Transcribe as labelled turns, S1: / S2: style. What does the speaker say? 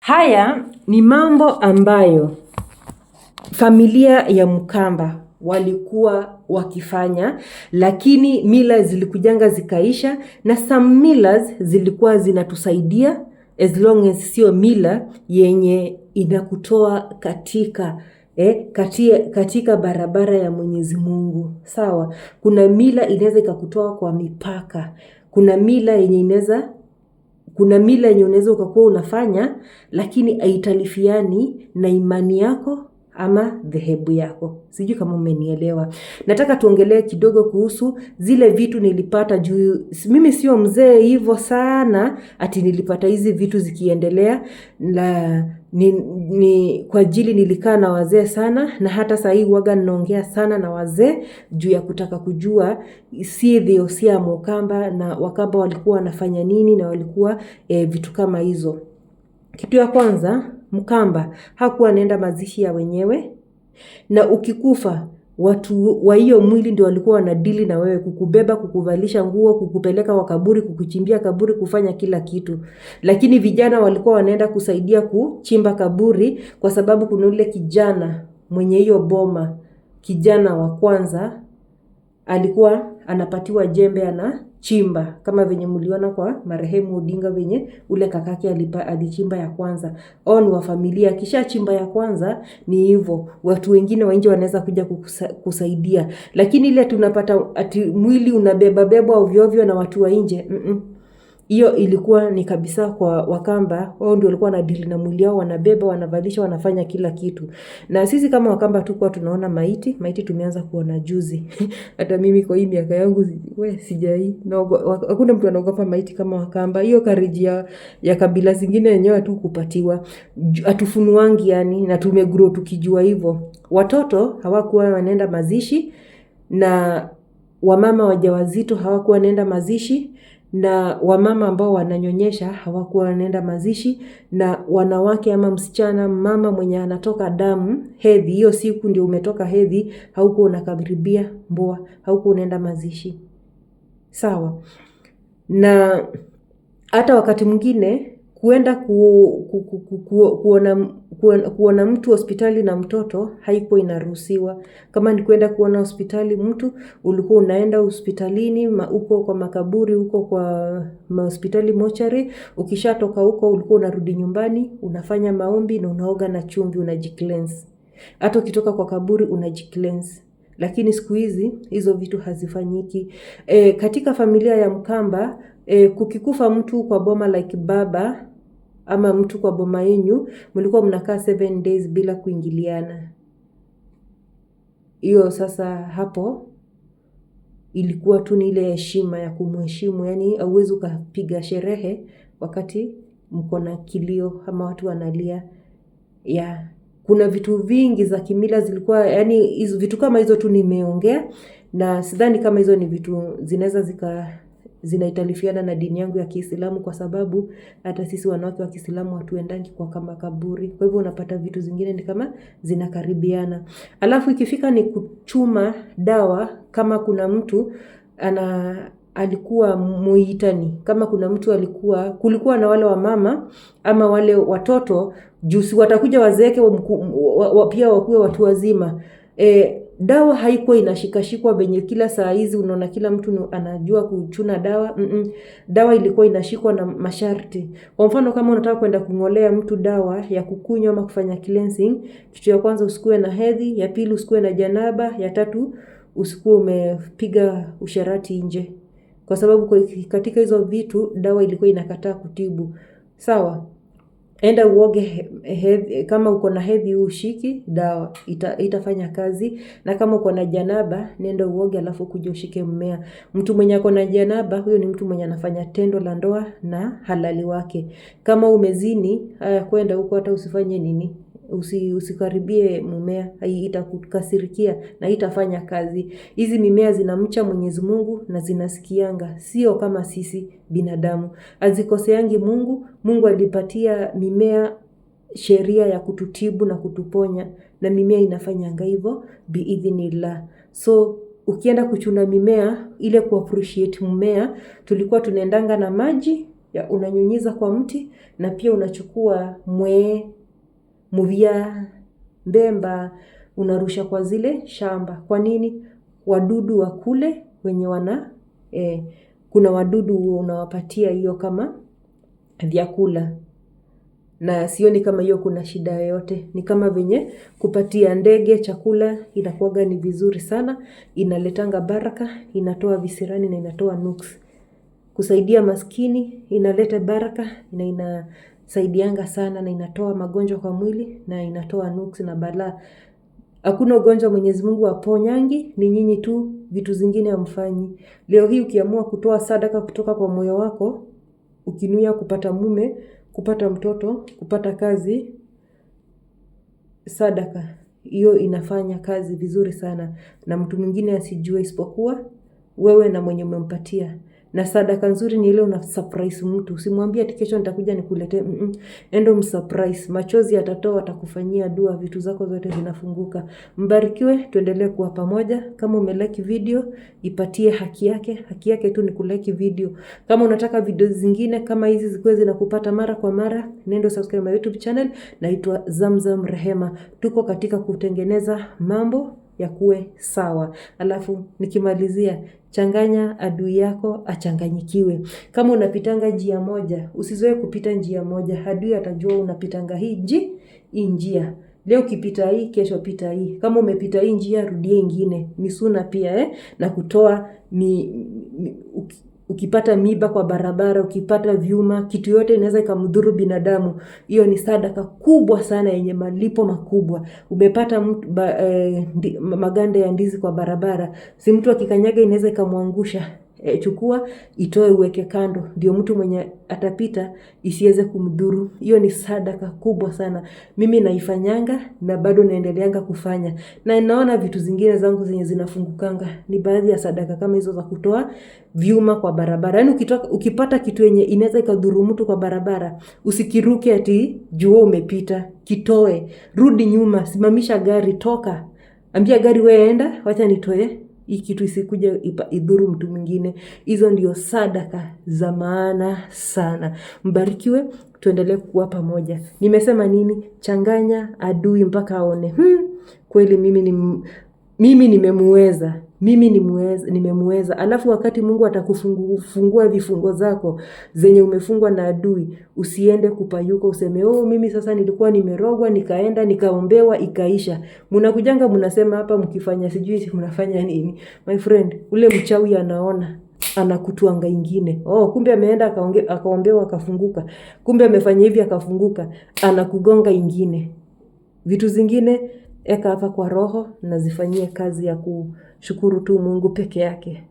S1: Haya ni mambo ambayo familia ya Mkamba walikuwa wakifanya, lakini mila zilikujanga zikaisha, na some milas zilikuwa zinatusaidia as long as sio mila yenye inakutoa katika eh, katia, katika barabara ya Mwenyezi Mungu. Sawa, kuna mila inaweza ikakutoa kwa mipaka, kuna mila yenye inaweza kuna mila yenye unaweza ukakuwa unafanya, lakini haitalifiani na imani yako ama dhehebu yako. Sijui kama umenielewa. Nataka tuongelee kidogo kuhusu zile vitu nilipata juu mimi sio mzee hivyo sana ati nilipata hizi vitu zikiendelea la ni, ni kwa ajili nilikaa na wazee sana, na hata sahii waga ninaongea sana na wazee juu ya kutaka kujua si theosia Mukamba na Wakamba walikuwa wanafanya nini na walikuwa e, vitu kama hizo. Kitu ya kwanza Mkamba hakuwa anaenda mazishi ya wenyewe, na ukikufa watu wa hiyo mwili ndio walikuwa wanadili na wewe, kukubeba, kukuvalisha nguo, kukupeleka wakaburi, kukuchimbia kaburi, kufanya kila kitu. Lakini vijana walikuwa wanaenda kusaidia kuchimba kaburi, kwa sababu kuna ule kijana mwenye hiyo boma, kijana wa kwanza alikuwa anapatiwa jembe, ana chimba kama venye mliona kwa marehemu Odinga venye ule kakake alipa alichimba ya kwanza, au ni wa familia. Kisha chimba ya kwanza ni hivyo, watu wengine wa nje wanaweza kuja kukusa, kusaidia, lakini ile tunapata ati mwili unabeba bebwa ovyo ovyo na watu wa nje mm -mm hiyo ilikuwa ni kabisa kwa Wakamba, wao ndio walikuwa na dili na mwili wao, wanabeba, wanavalisha, wanafanya kila kitu. Na sisi kama Wakamba tukuwa tunaona maiti, maiti tumeanza kuona juzi. Hata mimi kwa hii miaka yangu we sijai naogopa, hakuna mtu anaogopa maiti kama Wakamba. Hiyo kariji ya, ya kabila zingine yenyewe tu kupatiwa atufunuangi yani, na tumegrow tukijua hivyo. Watoto hawakuwa wanaenda mazishi na wamama wajawazito hawakuwa wanaenda mazishi na wamama ambao wananyonyesha hawakuwa wanaenda mazishi, na wanawake ama msichana mama mwenye anatoka damu hedhi, hiyo siku ndio umetoka hedhi, haukuwa unakaribia mboa, haukuwa unaenda mazishi sawa. Na hata wakati mwingine kuenda ku, ku, ku, ku, ku, kuona, kuona, kuona mtu hospitali na mtoto haikuwa inaruhusiwa. Kama ni kuenda kuona hospitali mtu, ulikuwa unaenda hospitalini huko kwa makaburi, huko kwa hospitali mochari. Ukishatoka huko, ulikuwa unarudi nyumbani, unafanya maombi na unaoga na chumvi, unajiklense. Hata ukitoka kwa kaburi unajiklense Lakini siku hizi hizo vitu hazifanyiki. E, katika familia ya Mkamba e, kukikufa mtu kwa boma like baba ama mtu kwa boma yenyu mlikuwa mnakaa seven days bila kuingiliana. Hiyo sasa hapo ilikuwa tu ni ile heshima ya kumheshimu, yaani auwezi ukapiga sherehe wakati mko na kilio ama watu wanalia ya kuna vitu vingi za kimila zilikuwa yani, vitu kama hizo tu nimeongea, na sidhani kama hizo ni vitu zinaweza zika zinaitalifiana na dini yangu ya Kiislamu kwa sababu hata sisi wanawake wa Kiislamu hatuendangi kwa kama kaburi. Kwa hivyo unapata vitu zingine ni kama zinakaribiana. Alafu ikifika ni kuchuma dawa, kama kuna mtu ana alikuwa muitani, kama kuna mtu alikuwa, kulikuwa na wale wamama ama wale watoto juu si watakuja wazeeke pia wakuwe watu wazima E, dawa haikuwa inashikashikwa venye kila saa hizi unaona kila mtu anajua kuchuna dawa mm -mm. Dawa ilikuwa inashikwa na masharti. Kwa mfano kama unataka kwenda kung'olea mtu dawa ya kukunywa ama kufanya cleansing, kitu ya kwanza usikuwe na hedhi, ya pili usikuwe na janaba, ya tatu usikuwe umepiga usharati nje, kwa sababu katika hizo vitu dawa ilikuwa inakataa kutibu. Sawa enda uoge hedhi, kama uko na hedhi ushiki dawa ita, itafanya kazi. Na kama uko na janaba nenda uoge, alafu kuja ushike mmea. Mtu mwenye ako na janaba, huyo ni mtu mwenye anafanya tendo la ndoa na halali wake. Kama umezini, haya kwenda huko, hata usifanye nini usi, usikaribie mumea, itakukasirikia na itafanya kazi. Hizi mimea zinamcha Mwenyezi Mungu na zinasikianga, sio kama sisi binadamu, hazikoseangi Mungu. Mungu alipatia mimea sheria ya kututibu na kutuponya, na mimea inafanyanga hivyo biidhinillah. So ukienda kuchuna mimea ile ku appreciate mmea, tulikuwa tunaendanga na maji ya unanyunyiza kwa mti na pia unachukua mwee Muvia mbemba unarusha kwa zile shamba. Kwa nini? Wadudu wakule wenye wana e, kuna wadudu unawapatia hiyo kama vyakula na sioni kama hiyo kuna shida yoyote. Ni kama venye kupatia ndege chakula inakuwaga ni vizuri sana, inaletanga baraka, inatoa visirani na inatoa nuksi. Kusaidia maskini inaleta baraka na ina inasaidianga sana na inatoa magonjwa kwa mwili na inatoa nuksi na balaa. Hakuna ugonjwa Mwenyezi Mungu aponyangi, ni nyinyi tu, vitu zingine amfanyi Leo hii ukiamua kutoa sadaka kutoka kwa moyo wako, ukinuia kupata mume, kupata mtoto, kupata kazi, sadaka hiyo inafanya kazi vizuri sana, na mtu mwingine asijue isipokuwa wewe na mwenye umempatia na sadaka nzuri ni ile una surprise mtu. Usimwambie ati kesho nitakuja nikuletee. Mm -mm. Endo msurprise. Machozi atatoa, atakufanyia dua, vitu zako zote zinafunguka. Mbarikiwe, tuendelee kuwa pamoja. Kama umelike video, ipatie haki yake. Haki yake tu ni kulike video. Kama unataka video zingine kama hizi zikuwe zinakupata mara kwa mara, nendo subscribe my YouTube channel. Naitwa Zamzam Rehema. Tuko katika kutengeneza mambo yakuwe sawa. Alafu nikimalizia changanya adui yako achanganyikiwe. Kama unapitanga njia moja, usizoe kupita njia moja. Adui atajua unapitanga hii nji hii njia Leo ukipita hii, kesho pita hii. Kama umepita hii njia, rudie ingine. Misuna pia eh, na kutoa ni, ni, ukipata miba kwa barabara, ukipata vyuma, kitu yote inaweza ikamdhuru binadamu. Hiyo ni sadaka kubwa sana yenye malipo makubwa. Umepata mtu, ba, eh, maganda ya ndizi kwa barabara, si mtu akikanyaga inaweza ikamwangusha e, chukua itoe, uweke kando, ndio mtu mwenye atapita isiweze kumdhuru. Hiyo ni sadaka kubwa sana. Mimi naifanyanga na bado naendeleanga kufanya, na naona vitu zingine zangu zenye zinafungukanga ni baadhi ya sadaka kama hizo za kutoa vyuma kwa barabara. Yani ukitoka, ukipata kitu yenye inaweza ikadhuru mtu kwa barabara, usikiruke ati juo umepita, kitoe, rudi nyuma, simamisha gari, toka, ambia gari weenda, wacha nitoe hii kitu isikuja idhuru mtu mwingine. Hizo ndio sadaka za maana sana. Mbarikiwe, tuendelee kuwa pamoja. Nimesema nini? Changanya adui mpaka aone, hmm, kweli mimi ni mimi nimemuweza mimi nimemweza. Alafu wakati Mungu atakufungua vifungo zako zenye umefungwa na adui, usiende kupayuka useme oh, mimi sasa nilikuwa nimerogwa nikaenda nikaombewa ikaisha. Mnakujanga mnasema hapa mkifanya sijui mnafanya nini? My friend, ule mchawi anaona anakutwanga ingine. Oh, kumbe ameenda akaombewa akafunguka, kumbe amefanya hivi akafunguka, anakugonga ingine, vitu zingine eka hapa kwa roho, zifanyie kazi ya kushukuru tu Mungu peke yake.